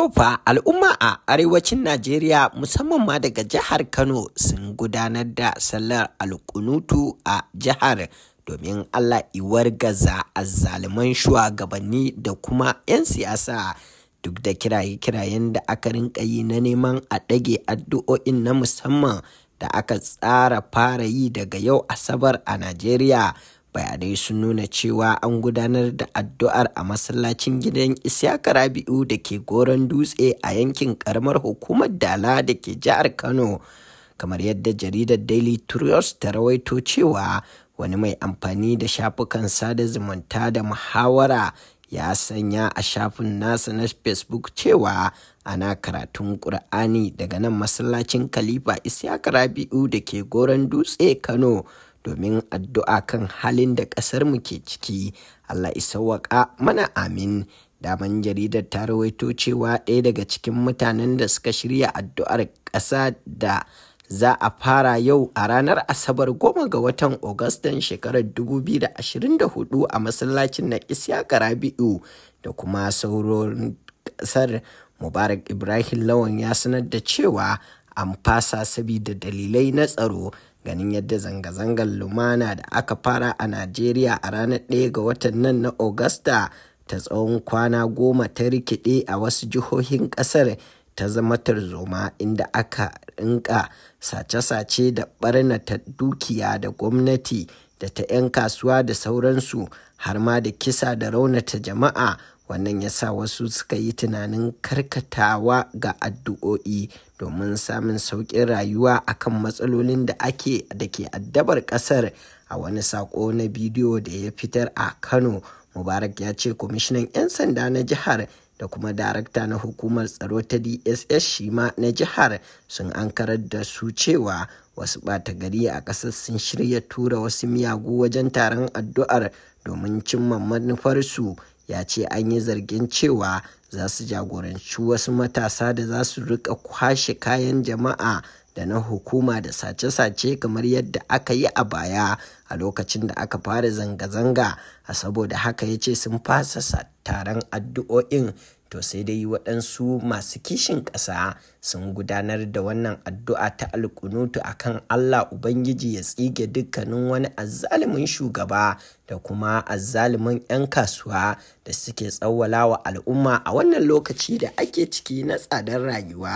Tofa al'umma a arewacin Najeriya musamman ma daga jihar Kano sun gudanar da sallar alkunutu a jihar domin Allah iwar gaza azzaluman shugabanni da kuma 'yan siyasa duk da kiraye-kirayen da aka rinka yi na neman a ɗage addu'o'in na musamman da aka tsara fara yi daga yau Asabar a Najeriya bayanai sun nuna cewa an gudanar da addu'ar a masallacin gidan isyaka rabi'u da ke goron dutse a yankin karamar hukumar dala da ke jihar kano kamar yadda jaridar daily trust ta rawaito cewa wani mai amfani da shafukan sada zumunta da muhawara ya sanya a shafin nasa na facebook cewa ana karatun ƙur'ani daga nan masallacin khalifa isyaka rabi'u da ke goron dutse kano domin addu'a kan halin da ƙasarmu ke ciki Allah waƙa mana amin daman jaridar ta rawaito cewa ɗaya daga cikin mutanen da suka shirya addu'ar ƙasa da za a fara yau a ranar asabar goma ga watan Agustan shekarar 2024 a masallacin na Isya rabi'u da kuma sauran ƙasar mubarak ibrahim lawan ya sanar da cewa an fasa sabida dalilai na tsaro ganin yadda zanga-zangar lumana da aka fara a najeriya a ranar 1 ga watan nan na augusta ta tsawon kwana goma ta rikide a wasu jihohin kasar ta zama tarzoma inda aka rinka sace-sace da barnata dukiya da gwamnati da ta 'yan kasuwa da sauransu har ma da kisa da raunata jama'a wannan ya sa wasu suka yi tunanin karkatawa ga addu'o'i domin samun sauƙin rayuwa akan matsalolin da ake da ke addabar ƙasar a wani saƙo na bidiyo da ya fitar a kano mubarak ya ce kwamishinan 'yan sanda na jihar da kuma darakta na hukumar tsaro ta dss shima na jihar sun ankarar da su cewa wasu ɓata gari a ƙasar sun shirya tura wasu miyagu wajen taron addu'ar domin cimma manufarsu ya ce an yi zargin cewa za su jagoranci wasu matasa da za su rika kwashe kayan jama'a da na hukuma da sace-sace kamar yadda aka yi a baya a lokacin da aka fara zanga-zanga a saboda haka ya ce sun fasa taron addu'o'in to sai dai waɗansu masu kishin ƙasa sun gudanar da wannan addu'a ta alkunutu a kan Allah Ubangiji ya tsige dukkanin wani azzalumin shugaba da kuma azzalumin 'yan kasuwa da suke tsawwala wa al'umma a wannan lokaci da ake ciki na tsadar rayuwa.